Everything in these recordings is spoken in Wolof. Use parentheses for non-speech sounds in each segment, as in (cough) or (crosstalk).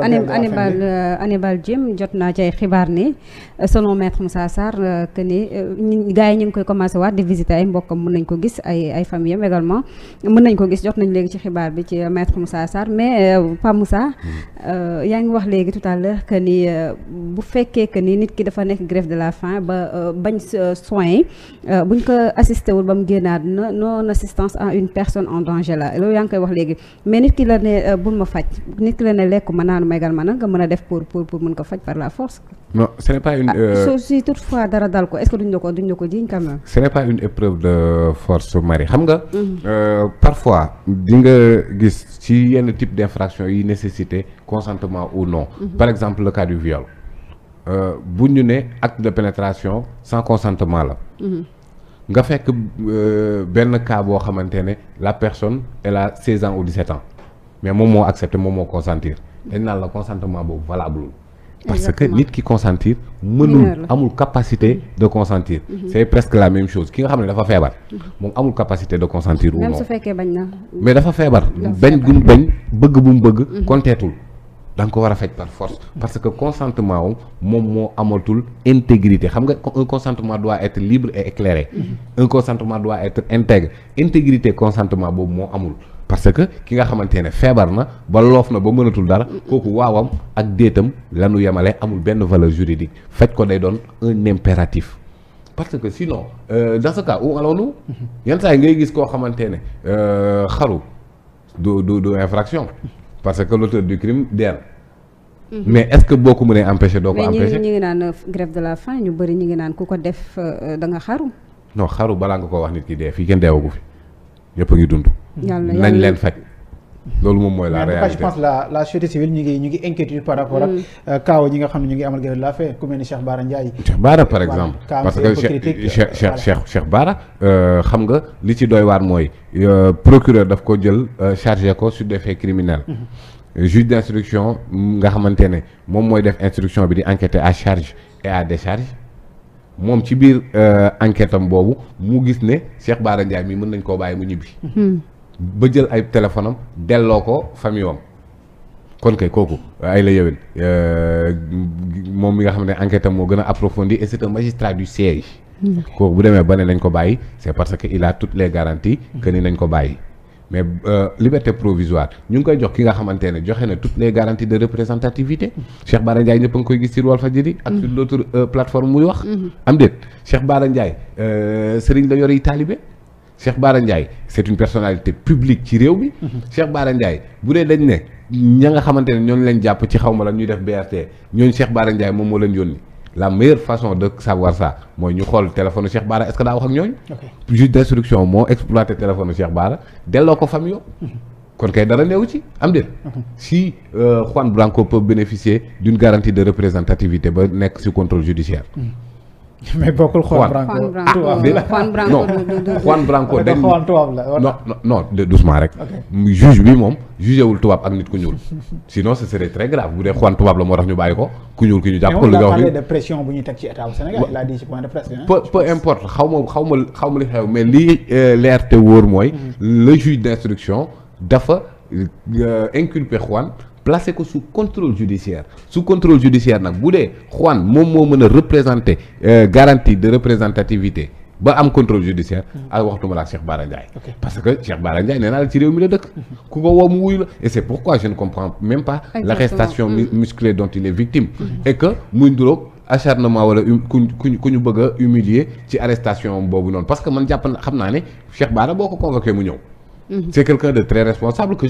Diem Hannibal Hannibal Diem jot naa ci ay xibaar ni euh, selon maître Moussa Sarr euh, que ni euh, gars yi ñu ngi koy commencé waat di visiter ay mbokkam mën nañ ko gis ay ay famille am également mën nañ ko gis jot nañ léegi ci xibaar bi ci maître Moussa Sarr mais Pa Moussa yaa ngi wax léegi tout à l'heure que ni bu fekkee que ni nit ki dafa nekk grève de la faim ba bañ soins yi buñ ko assisté wul ba mu génnaat non assistance en une personne en danger la loolu yaa ngi koy wax léegi mais nit ki l ma faj nit ki anam également nan nga mën a def pour pour pour mën ko faj par la force. non ce n'est pas une. ah euh, dara dal ko est-ce que duñ la ko duñ la ko jiiñ quand même. ce n'est pas une épreuve de force Marie xam nga. Mm-hmm. Euh, parfois di nga gis ci yenn type d'infraction yi nécessité consentement ou non. Mm-hmm. par exemple le cas du viol. Euh, bu ñu ne acte de pénétration sans consentement la. Mm-hmm. nga fekk benn cas boo xamante ne la personne elle a 16 ans ou 17 ans mais moom moo accepté moom moo consentir. dañ naan la consentement boobu valable parce que nit ki consentir mënul amul capacité mm-hmm. de consentir mm-hmm. c'est presque la même chose ki nga xam ne dafa feebar mm-hmm. moom amul capacité de consentir ou non fekkee bañ mais dafa feebar bañ bu bañ bëgg bu mu bëgg konteetul da nga ko war a faj par force parce que consentement wu moom moo amatul intégrité xam nga un consentement doit être libre et éclairé un consentement a être integre intégrité consentement boobu moo amul parce que ki nga xamante ne feebar na ba loof na ba mënatul dara kooku waawam ak déetam lanu yemale amul benn valeur juridique faj ko day doon un impératif parce que si euh, dans ce cas où (laughs) yenn saa yi ngay gis koo xamante ne euh, xaru du du du infraction parce que l'auteur du crime deel mm-hmm. mais est-ce que boo ko mënee empêcher doo ko empêcher mais ñu ngi naan euh, grève de la faim ñu bëri ñu ngi naan ku ko def euh, da nga xaru non xaru balaa nga ko wax nit ki dee fii kenn deewagu fi ñëpp a ngi dund. nañ leen faj. loolu moom mooy la réalité je la la société civile ñu ngi ñu ngi inquiétude par rapport ak mm. euh, kaaw ñi nga xam ne ñu ngi amal grève de la faim ku mel ni Cheikh Bara Ndiaye. Cheikh Bara par exemple parce que Cheikh Cheikh Cheikh Bara euh, xam nga li ci dooy waar mooy euh, procureur daf ko jël chargé ko su des faits criminels. Mm-hmm. juge d'instruction nga xamante ne moom mooy def instruction bi di enquêter à charge et à décharge. moom ci biir euh, enquête am boobu mu gis ne Cheikh Bara Ndiaye mii mën nañ koo bàyyi mu ñibbi. Hmm. ba jël ay téléphone delloo ko famille kon kay kooku ay la yëwén euh, moom mi nga xam ne enquête moo gën a approfondi et c'est un magistrat du siège. Hmm. kooku bu demee ba ne nañ ko bàyyi c'est parce que il a les garanties que ni nañ ko bàyyi. mais euh, liberté provisoire ñu ngi koy jox ki nga xamante ne joxe na tout les garanties de représentativité Cheikh Bara Ndiaye ñëpp a ngi koy gis sur Walfadjri ak sur l'autre euh, plateforme muy wax mm-hmm. am déet Cheikh Bara Ndiaye euh, sëriñ la yore yi taalibe Cheikh Bara Ndiaye c'est une personalité publique ci réew mi mm-hmm. Cheikh Bara Ndiaye bu dee dañ ne ña nga xamante ne ñooñu leen jàpp ci xaw ma la ñu def BRT ñooñ Cheikh Bara Ndiaye moom moo leen yónni la meilleure façon de savoir ça mooy ñu xool téléphone Cheikh Bara est-ce que daa wax ak ñooñu. juge d'instruction moo exploité téléphone Cheikh baara delloo ko famille mhm. kon kay dara neewu ci am déet. Mhm. si euh, Juan Branco peut bénéficier d'une garantie de représentativité ba nekk ci contrôle judiciaire. Mhm. (laughs) mais bokkul Juan Branco non Juan Branco dañ non non doucement rek juge bi moom jugewul tubaab ak nit ku ñuul sinon ce serait très grave bu dee Juan tubaab la moo tax ñu bàyyi ko ku ñuul ki ñu jàpp ko li nga wax de de presse peu peu importe xaw ma xaw ma xaw ma li xew mais lii euh, leer te wóor mooy mm-hmm. le juge d'instruction dafa euh, inculpé Juan placé ko sous contrôle judiciaire su contrôle judiciaire nag bu dee Juan moom moo mën a représenter euh, garanti de représentativité ba am contrôle judiciaire mm-hmm. ak waxtuma laa Cheikh Bara Ndiaye parce que Cheikh Bara Ndiaye ne naa la ci réew mi la dëkk mm-hmm. ku ko woo mu wuyu la et c'est pourquoi je ne comprends même pas l'arrestation mm-hmm. musclée dont il est victime et que muy nduróog acharnement wala ku ku ñu bëgg a ci arrestation boobu noonu parce que man jàpp na xam naa ne Cheikh Bara boo ko mu ñëw c'est quelqu'un de très responsable que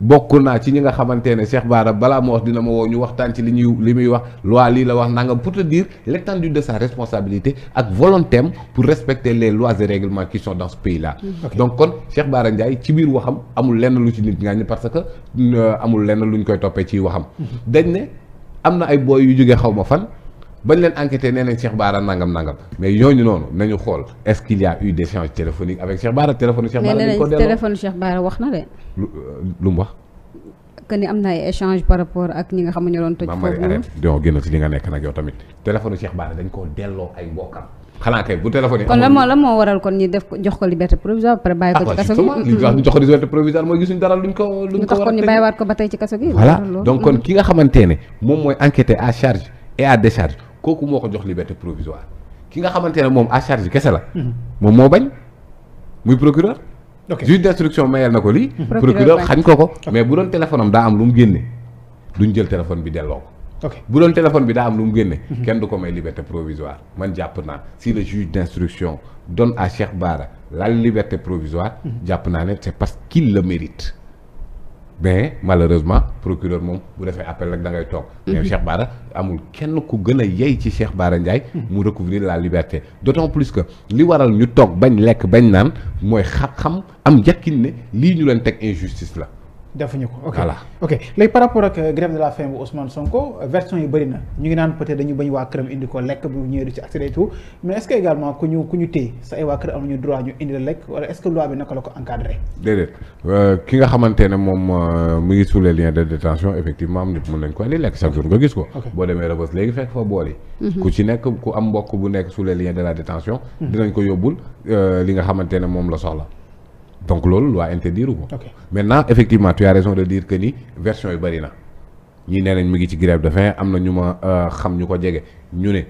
bokk naa ci ñi nga xamante ne Cheikh baara balaa ma wax dina ma woo ñu waxtaan ci li ñuy li muy wax loi lii la wax nangam pour te dire l'étendue de responsabilité ak volonté am pour respecter les lois et réglement qui sont dans ce pays là. donc kon Cheikh Bara Ndiaye ci biir waxam amul lenn lu ci nit ñaañ parce que euh, amul lenn lu ñu koy toppee ci waxam. Mhm. dañ ne am na ay booy yu jógee xaw ma fan. bañ leen enquêté nee nañ Cheikh Bara nangam nangam mais ñooñu noonu nañu xool est-ce qu'il y a eu des échanges téléphoniques avec téléphone Cheikh Bara téléphone Cheikh Bara wax na de. lu euh, lu ni am na ay échange par rapport ak ñi nga xam ne nekk nag yow tamit téléphone Cheikh Bara dañ koo delloo ay mbokkam. xanaa kay bu téléphone yi. moo waral kon ñu def ko jox ah, mooy gisuñu a teg ñu tax kon ñu bàyyiwaat ko ba tey ci kaso gi. voilà donc kon moom mooy enquêter à charge et kooku moo ko jox liberté provisoire ki nga xamante ne moom a charge kese la. moom moo bañ muy procureur. ok juge d'instruction mayal na ko lii. procureur xañ ko ko. mais bu doon téléphone am daa am lu mu génne duñ jël téléphone bi delloo ko. ok bu doon téléphone bi daa am lu mu génne. Mhm. kenn du ko may liberté provisoire man jàpp naa si le juge d'instruction donne à Cheikh Bara la liberté provisoire. Mhm. jàpp naa ne c'est parce qu'il le mérite. mais malheureusement procureur moom bu defee appel rek da ngay toog. Mhm. mais Bara amul kenn ku gën a yey ci Cheikh baara Ndiaye. Mhm. mu recouvrir la liberté d'autant plus que li waral ñu toog bañ lekk bañ naan mooy xam-xam am njëkkin ne lii ñu leen teg injustice la. defuñu ko ok voilà ok léegi par rapport ak grève de la faim bu Ousmane Sonko version yi bëri ñu ngi naan peut-être dañu bañ waa këram indi ko lekk bu ñëwee du ci accéder mais est-ce ku ñu téye sa ay waa kër am nañu droit ñu indi la lekk wala est-ce que la ko encadré déedéet euh, ki nga xamante ne moom euh, mu ngi sous les liens de détention effectivement am nit mën nañ ko indi lekk chaque jour nga gis ko boo demee Rebeuss léegi fekk fa bool yi mhm. ku ci nekk ku am mhm. euh, li nga xamante ne moom la soxla donc loolu waa interdire ko. maintenant effectivement tu as raison de dire que ni version yu bëri na ñii nee nañ mu ngi ci grève de faim am na ñu ma euh, xam ñu ko jege ñu ne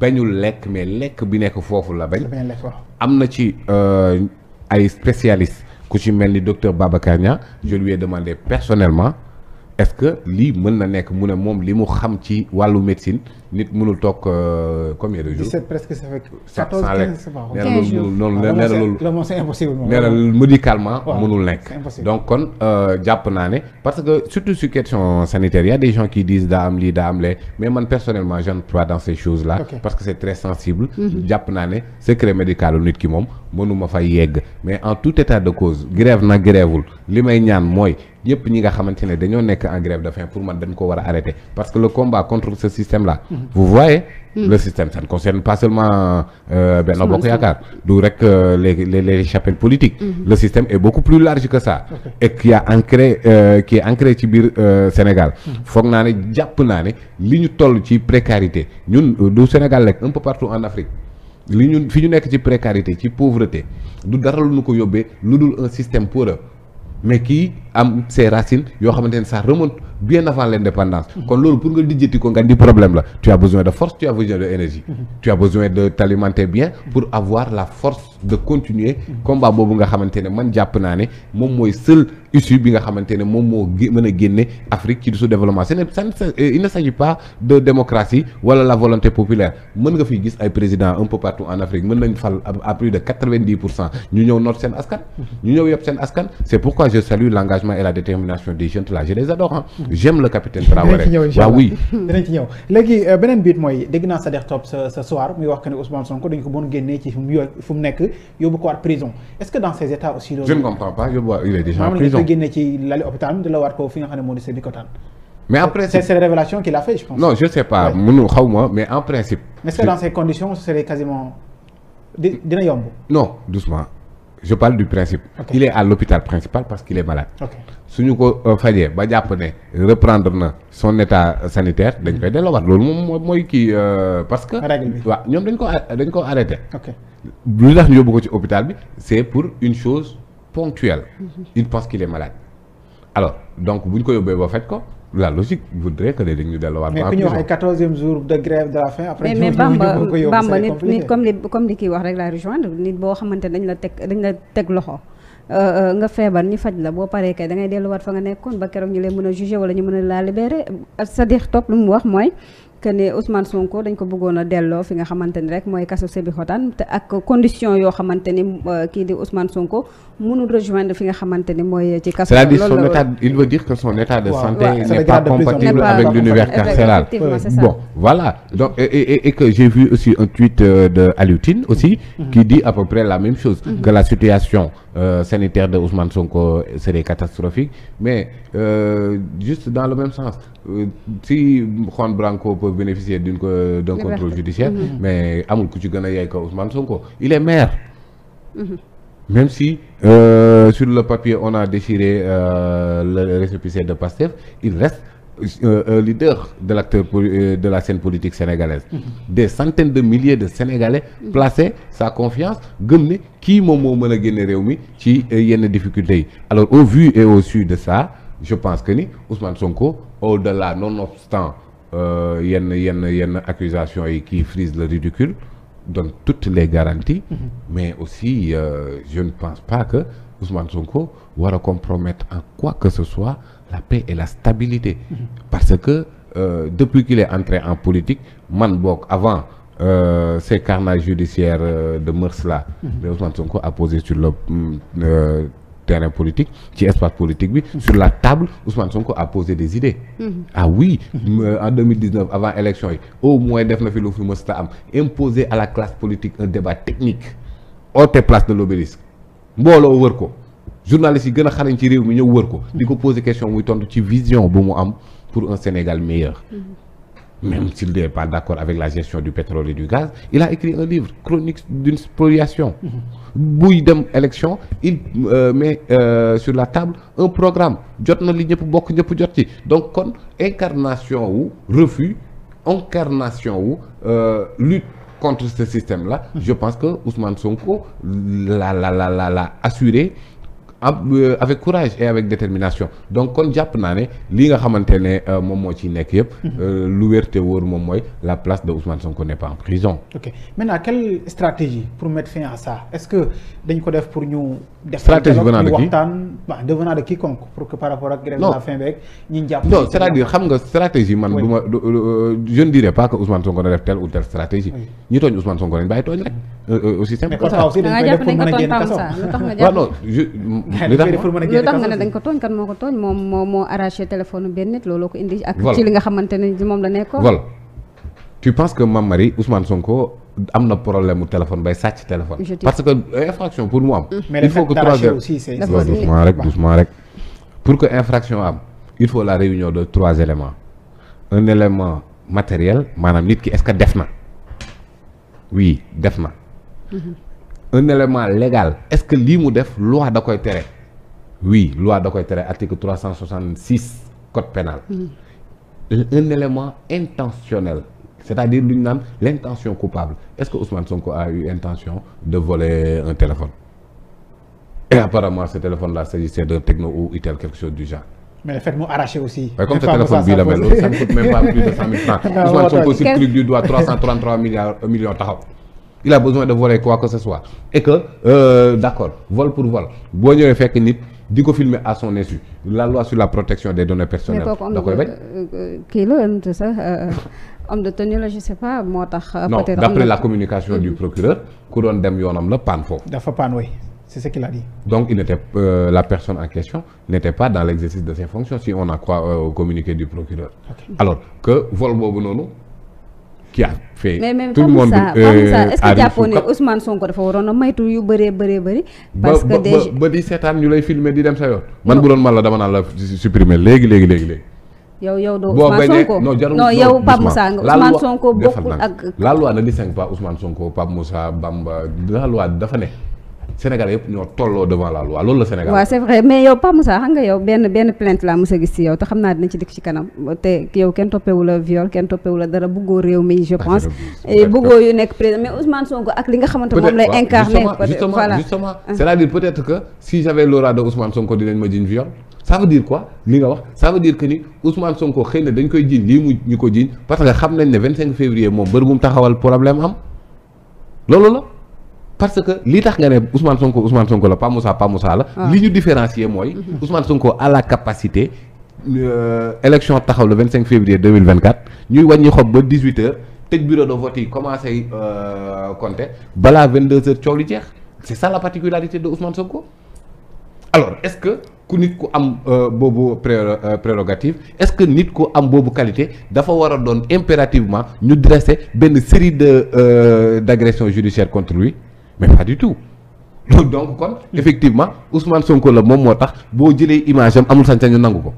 bañul lekk mais lekk bi nekk foofu la bañ. am na ci euh, ay spécialistes ku ci mel ni docteur Babacar Niang je lui personnellement. est-ce que lii mën na nekk mu ne moom li mu xam ci wàllu médecine nit mënul toog euh, combien de jours. 17 presque ça fait 14 15 jours ah, médicalement mënul nekk donc kon euh, jàpp naa ne parce que surtout sur question sanitaire y a des gens qui disent daa am lii daa am lee mais man personnellement je ne crois dans ces choses là parce que c'est très sensible mhm. jàpp naa ne secret médical nit ki moom mënuma fay yegg mais en tout état de cause grève na grèvewul li may ñaan mooy yëpp ñi nga xamante ne dañoo nekk en grève de faim pour ma dañ ko war a arrêter parce que le combat contre ce système là. Mhm. vous voyez. Mhm. le système ça ne concerne pas seulement euh, Benno Bokk Yaakaar du rek euh, les les les chapelles politiques. Mhm. le système est beaucoup plus large que ça. et qui a ancré euh, qui est ancré ci biir Sénégal. foog naa ne jàpp naa ne li ñu toll ci précarité ñun du Sénégal rek un peu partout en Afrique. li ñun fi ñu nekk ci précarité ci pauvreté du dara lu ko yóbbee lu dul un système poreux mais am ses racines yoo xamante ne ça remonte bien avant l'indépendance kon loolu pour nga dijjati ko nga di problème la tu as besoin de force tu as besoin de énergie tu as besoin de t'alimenter bien pour avoir la force de continuer combat boobu nga xamante ne man jàpp naa ne moom mooy seul issue bi nga xamante ne moom moo mën a génne Afrique ci su développement ce n'est il ne s'agit pas de démocratie wala la volonté populaire mën nga fi gis ay président un peu partout en Afrique mën nañ ñu ñëw noot seen askan ñu ñëw yëpp seen askan c'est l'engagement et la détermination des jeunes là je les adore ah. j'aime le capitaine Traoré. waaw oui dinañ ci ñëw léegi euh, beneen biit mooy dégg naa Sadekh Top sa soir muy wax que ne Ousmane Sonko dañ ko mën génnee ci fu nekk yóbbu ko waat prison est-ce que dans ces états aussi. loolu je ne comprends ko fi nga xam ne moo di sa dikotaan. mais en principe a fait je pense. non je mais est-ce que dans ces conditions serait quasiment dina yomb. je parle du principe il est à l'hôpital principal parce qu'il est malade su ñu ko euh, fajee ba jàpp ne reprendre na son état sanitaire dañ koy delloowaat loolu moom mooy kii euh, parce que waaw ñoom dañ ko dañ ko arrêté lu tax ñu yóbbu ko ci hôpital bi c'est pour une chose ponctuelle mhm. il pense qu'il est malade alors donc bu ñu ko yóbbee ba faj ko la logique voudrait que dañu delluwaat. mais ku ñu wax ay quatorzième jour de grève de la faim. après nit comme li comme li kii wax rek laa rejoindre nit boo xamante dañ la teg dañ la teg loxo. Euh, euh, nga feebar ñu faj la boo paree kay da ngay delluwaat fa nga nekkoon ba keroog ñu lay mën a jugé wala ñu mën a laa libéré c'est-à-dire topp lu mu wax mooy. que ne Ousmane Sonko dañ ko bëggoon a delloo fi nga xamante ni rek mooy kaso Sébikotane te ak condition yoo xamante ni euh, kii di Ousmane Sonko mënul rejoindre fi nga xamante ni mooy euh, ci kaso c'est-à-dire son état il veut dire que son état de santé n'est pas compatible avec l'univers carcéral bon voilà donc et aussi un tweet euh, de aussi mm-hmm. qui dit à peu la même chose mm-hmm. que situation sanitaire de Ousmane Sonko serait catastrophique mais juste dans le même sens Euh, si Juan Branco peut bénéficier d'une d'un contrôle judiciaire mm-hmm. mais amul ku ci gën a yey ko Ousmane Sonko il est maire mm-hmm. même si euh, sur le papier on a déchiré euh, le de Pastef il reste euh, leader de l'acteur euh, de la scène politique sénégalaise mm-hmm. des centaines de milliers de Sénégalais placés sa confiance gëm ne kii moom moo mën a génne réew mi ci euh, yenn difficultés yi alors au vu et au su de ça je pense que ni Ousmane Sonko au-delà nonobstant euh, yenn yenn yenn accusations yi qui frisent le ridicule donne toutes les garanties. Mm-hmm. mais aussi euh, je ne pense pas que Ousmane Sonko war compromettre en quoi que ce soit la paix et la stabilité. Mm-hmm. parce que euh, depuis qu'il est entré en politique man boog avant. Euh, ces carnages judiciaires euh, de mœurs là. Mm -hmm. Ousmane Sonko a posé sur le mm, euh, terrain politique ci espace politique bi sur la table Ousmane Sonko a posé des idées mhm. ah oui euh, en 2019 avant élection yi au moins def na fi lu fi mësta am imposer à la classe politique un débat technique haute place de l'obélisque mbooloo wër ko journalistes yi gën a xarañ ci réew mi ñëw wër ko di ko poser question muy tontu ci vision bu mu am pour un Sénégal meilleur mhm. même s'il n'est pas d'accord avec la gestion du pétrole et du gaz il a écrit un livre chronique d'une spoliation buy dem élection il euh, met euh, sur la table un programme jot na li ñëpp bokk ñëpp jot ci donc kon incarnation wu refus incarnation wu euh, lutte contre ce système la je pense que Ousmane Sonko la la la la la am euh, avec courage et avec détermination donc kon jàpp naa ne lii nga xamante ne euh, moom moo ciy nekk yëpp. Mhm. Euh, lu wér te wóor moom mooy la place de Ousmane Sonko n'est pas en prison. ok maintenant quelle stratégie pour mettre fin à ça est-ce que dañ ko def pour ñu. def stratégie venant de qui waxtaan waaw devenant pour que par rapport ak grève de la faim beeg ñi jàpp. non cest xam nga stratégie man. du ma je ne dirais pas que Ousmane def telle ou stratégie. ñi tooñ Ousmane Sonko nañ bàyyi tooñ rek. Mm. aussi lu tax nga ne dañ ko tooñ kan moo ko tooñ moom moo moo arraché téléphone benn nit looloo ko indi. ak ci li nga xamante ne moom la nekkoon. voilà tu penses que Mame Marie Ousmane Sonko am na problème mu téléphone bay sàcc téléphone. parce que euh, infraction pour mu am. Mm. il faut que trois heures doucement rek doucement rek. pour que infraction am il faut la réunion de trois éléments un élément matériel maanaam nit ki est que def na oui def na. Mm-hmm. un élément légal est-ce que lii mu def loi da koy tere oui loi da koy tere article trois cent soixante six code pénal mm. un élément intentionnel c'est-à-dire lu ñu naan l'intention coupable est-ce que Ousmane Sonko a eu intention de voler un téléphone et apparemment ce téléphone-là s'agissait d'un techno ou itel quelque chose du genre mais mu arraché aussi. mais comme sa téléphone bii la mel loolu ça ne coûte même pas plus de cent si (laughs) clic du doigt trois cent trois milliards millions taxaw. il a besoin de voler quoi que ce soit et que euh, d'accord vol pour vol boo ñëwee fekk nit di ko filmer à son insu la loi sur la protection des données personnelles. Euh, kii la ënt sax euh, homme de tenue la moo tax. peut-être d'après la communication du procureur ku doon dem yoonam la paan foofu. dafa paan way c'est ce qu'il a dit. donc il n'était la personne en question n'était pas dans l'exercice de ses fonctions si on en croit euh, au communiqué du procureur. alors que vol boobu noonu. qui a fait mais même tout monde ça, euh, ça. est-ce que jàppoon ne Sonko dafa waroon a maytu yu bëree bëree bëri ba ba di seetaan ñu lay filmer di dem sa yoon man bu doon man la dama naan la supprimer léegi léegi léegi léegi yow yow doo Ousmane Sonko non jarul non yow Pape Moussa nga Ousmane Sonko bokkul ak la loi ne distingue pas Ousmane Sonko Pape Moussa Bamba la loi dafa ne Sénégal yëpp ñoo tolloo devant la loi loolu la Sénégal. waaw c'est vrai mais yow Pape Moussa xam nga yow benn benn plainte laa mos a gis ci yow te xam naa dina ci dikk ci kanam te yow kenn toppewu la viol kenn toppewu la dara bëggoo réew mi je ah, pense. bëggoo yu nekk président mais Ousmane Sonko ak li nga xamante moom lay incarné. voilà ah. peut-être que si j'avais l'aura de Ousmane Sonko dinañ ma jiñ viol. ça veut dire li nga wax ça veut dire ni Ousmane Sonko dañ koy jiiñ lii mu ñu ko parce que li tax nga ne usman Sonko Ousmane Sonko la Pa Moussa Pa Moussa la. Ah. li ñu différencier mooy. Mhm. Ousmane Sonko à la capacité. Euh, élection taxaw le 25 février 2024 ñuy wàññi xob ba 18h tëj bureau de vote yi commencé euh, compter balaa 22h coow li jeex c' est ça la particularité de Ousmane Sonko. alors est ce que ku nit ku am euh, boobu prérogative est ce que nit ku am boobu qualité dafa war a doon impérativement ñu dresser benn série de d' agressions judiciaires contre mais pas du tout (laughs) donc kon effectivement Ousmane Sonko la moom moo tax boo jëlee image am amul sañ-sañu nangu ko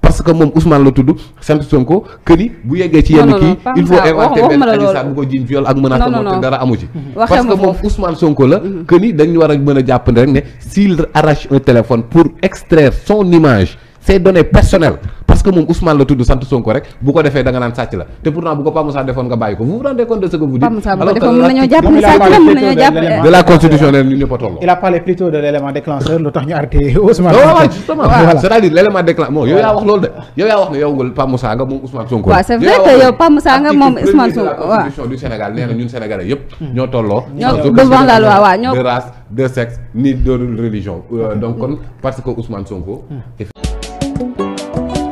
parce que moom Ousmane la tudd sant Sonko que ni bu yeggee ci yenn kii il faut inventé benn Adji Sarr bu ko jiiñ viol ak menace de mort te dara amu ci parce que moom Ousmane Sonko la mm-hmm. que ni dañu war a mën a jàppandi rek ne s'il arrache un téléphone pour extraire son image ses données personnelles que moom Ousmane la tudd sant Sonko rek bu ko defee da nga naan sàcc la te pourtant bu ko Pape defoon nga bàyyi ko vous vous rendez compte de ko defoon mën nañoo jàpp ni sàcc la mën nañoo euh, euh, a a (laughs) ah, yow yaa wax loolu de yow yaa wax ne yow nga nga moom Ousmane Sonko. waaw c' est yow Pape nga moom Ousmane Sonko waaw constitution du Sénégal nee na ñun Sénégalais Sonko mm.